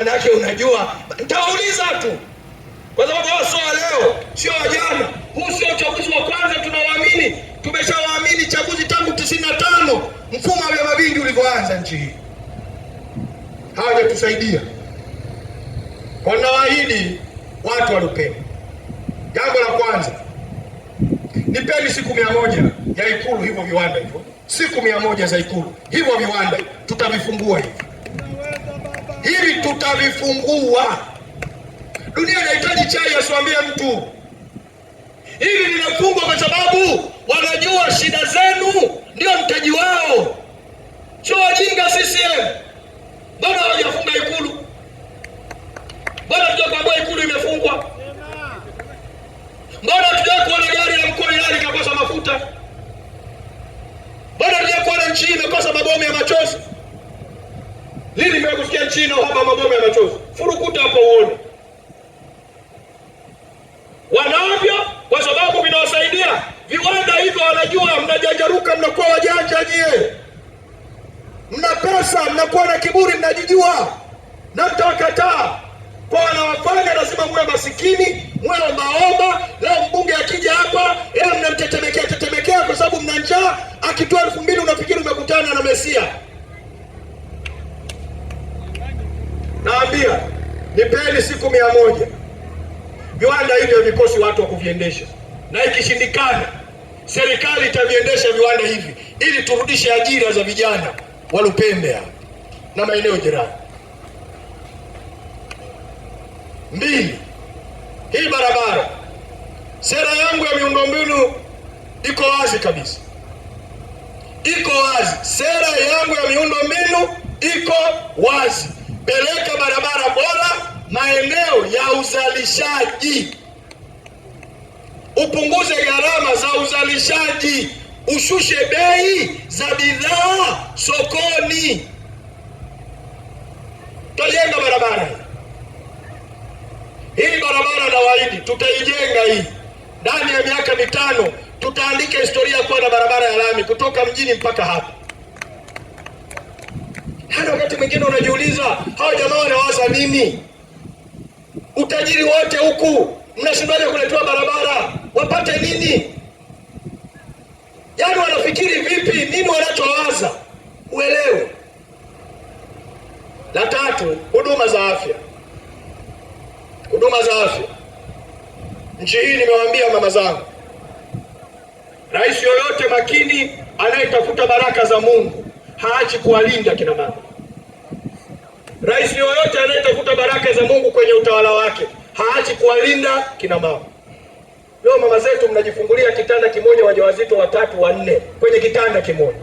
Manake unajua, ntauliza tu, kwa sababu hao sio leo, sio wajana. Huu sio uchaguzi wa kwanza tunawaamini, tumeshawaamini chaguzi tangu tisini na tano mfumo wa vyama vingi ulivyoanza nchi hii. Hawajatusaidia, wanawaahidi watu walopewa. Jambo la kwanza, nipeni siku mia moja ya Ikulu, hivyo viwanda hivyo, siku mia moja za Ikulu, hivyo viwanda tutavifungua hivi Hili tutalifungua. Dunia inahitaji chai, asiwambie mtu. Hili linafungwa kwa sababu wanajua shida zenu ndio mtaji wao, sio wajinga. CCM bado hawajafunga Ikulu, bado hatujakwambia Ikulu imefungwa. Mbona hatujawahi kuona gari la mkoa Ilala ikakosa mafuta? Mbona hatujawahi kuona nchi hii imekosa mabomu ya machozi? Lini mbele kusikia nchini hapa mabomu ya machozi? Furukuta hapo uone. Wanaovyo kwa sababu vinawasaidia. Viwanda hivyo wanajua mnajanjaruka, mnakuwa wajanja nyie. Mna pesa, mnakuwa na kiburi, mnajijua. Na mtawakataa. Kwa wanawafanya lazima muwe masikini, muwe maomba. Leo mbunge akija hapa, yeye mnamtetemekea tetemekea kwa sababu mna njaa, akitoa elfu mbili unafikiri umekutana na Mesia. Mnawaambia nipeni siku mia moja. Viwanda hivyo vikosi watu wa kuviendesha, na ikishindikana serikali itaviendesha viwanda hivi ili turudishe ajira za vijana wa Lupembe na maeneo jirani. Mbili, hii barabara, sera yangu ya miundombinu iko wazi kabisa, iko wazi. Sera yangu ya miundombinu iko wazi, peleka barabara barabara bora, maeneo ya uzalishaji, upunguze gharama za uzalishaji, ushushe bei za bidhaa sokoni. Tutajenga barabara hii, barabara na waidi tutaijenga hii ndani ya miaka mitano. Tutaandika historia kuwa na barabara ya lami kutoka mjini mpaka hapa. Hata wakati mwingine unajiuliza, hawa jamaa wanawaza nini? Utajiri wote huku mnashindaje kuletewa barabara, wapate nini? Yaani wanafikiri vipi? Nini wanachowaza? Uelewe. La tatu, huduma za afya. Huduma za afya nchi hii, nimewaambia mama zangu, rais yoyote makini anayetafuta baraka za Mungu haachi kuwalinda kina mama. Rais yoyote anayetafuta baraka za Mungu kwenye utawala wake haachi kuwalinda kina mama. Leo mama zetu mnajifungulia kitanda kimoja, wajawazito watatu wanne kwenye kitanda kimoja,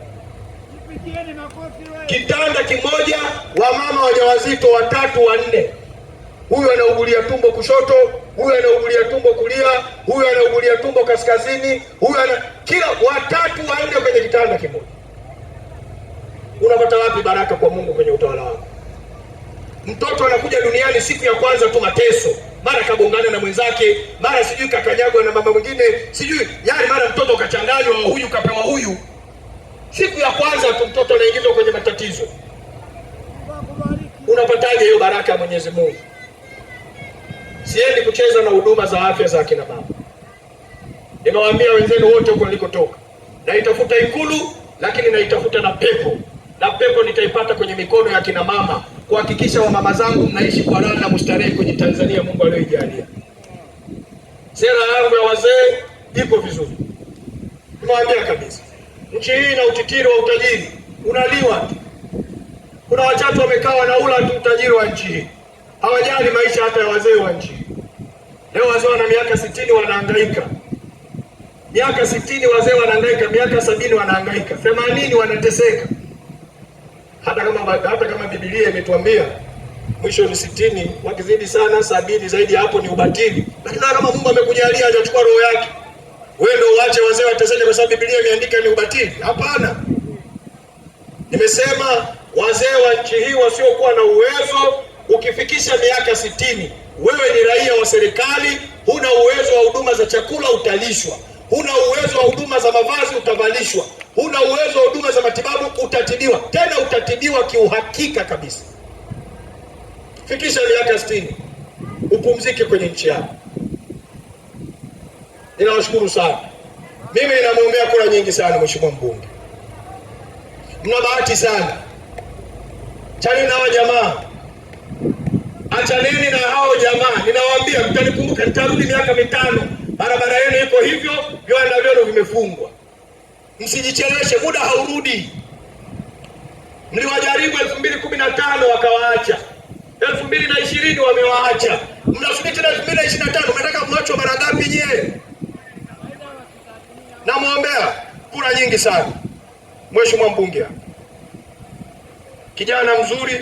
kitanda kimoja, wamama wajawazito watatu wanne. Huyu anaugulia tumbo kushoto, huyu anaugulia tumbo kulia, huyu anaugulia tumbo kaskazini, huyu ana kila watatu wanne kwenye kitanda kimoja. Unapata wapi baraka kwa Mungu kwenye utawala wako? Mtoto anakuja duniani siku ya kwanza tu mateso, mara kagongana na mwenzake, mara sijui kakanyagwa na mama mwingine, sijui yani, mara mtoto kachanganywa huyu kapewa huyu. Siku ya kwanza tu mtoto anaingizwa kwenye matatizo. Unapataje hiyo baraka ya Mwenyezi Mungu? Siendi kucheza na huduma za afya za akina baba. Nimewaambia wenzenu wote huko nilikotoka, naitafuta Ikulu, lakini naitafuta na pepo, na pepo nitaipata kwenye mikono ya akina mama kuhakikisha wamama zangu mnaishi kwa raha na mustarehe kwenye Tanzania Mungu aliyoijalia. Sera yangu ya wazee iko vizuri, tunawaambia kabisa, nchi hii na utitiri wa utajiri unaliwa tu. Kuna wachatu wamekaa wanaula tu utajiri wa nchi hii, hawajali maisha hata ya wazee wa nchi hii. Leo wazee wana miaka sitini wanahangaika, miaka sitini wazee wanahangaika, miaka sabini wanahangaika, themanini wanateseka hata kama hata kama Biblia imetuambia mwisho ni sitini, wakizidi sana sabini, zaidi hapo ni ubatili. Lakini kama Mungu amekujalia hajachukua roho yake, wewe ndio uache wazee wateseke kwa sababu Biblia imeandika ni ubatili? Hapana, nimesema wazee wa nchi hii wasiokuwa na uwezo, ukifikisha miaka sitini, wewe ni raia wa serikali, huna uwezo wa huduma za chakula, utalishwa. Huna uwezo wa huduma za mavazi, utavalishwa huna uwezo wa huduma za matibabu, utatibiwa. Tena utatibiwa kiuhakika kabisa. Fikisha miaka sitini upumzike kwenye nchi yako. Ninawashukuru sana. Mimi ninamwombea kura nyingi sana mheshimiwa mbunge. Mna bahati sana, chani na hawa jamaa, achaneni na hao jamaa. Ninawaambia mtanikumbuka, nitarudi miaka mitano, barabara yenu iko hivyo, viwanda vyenu vimefungwa msijicheleshe muda haurudi. Mliwajaribu elfu mbili kumi na tano wakawaacha, elfu mbili na ishirini wamewaacha, mnasubiri tena elfu mbili na ishirini na tano Mnataka mwachwa mara ngapi nyie? Namwombea kura nyingi sana mheshimiwa mbunge, kijana mzuri.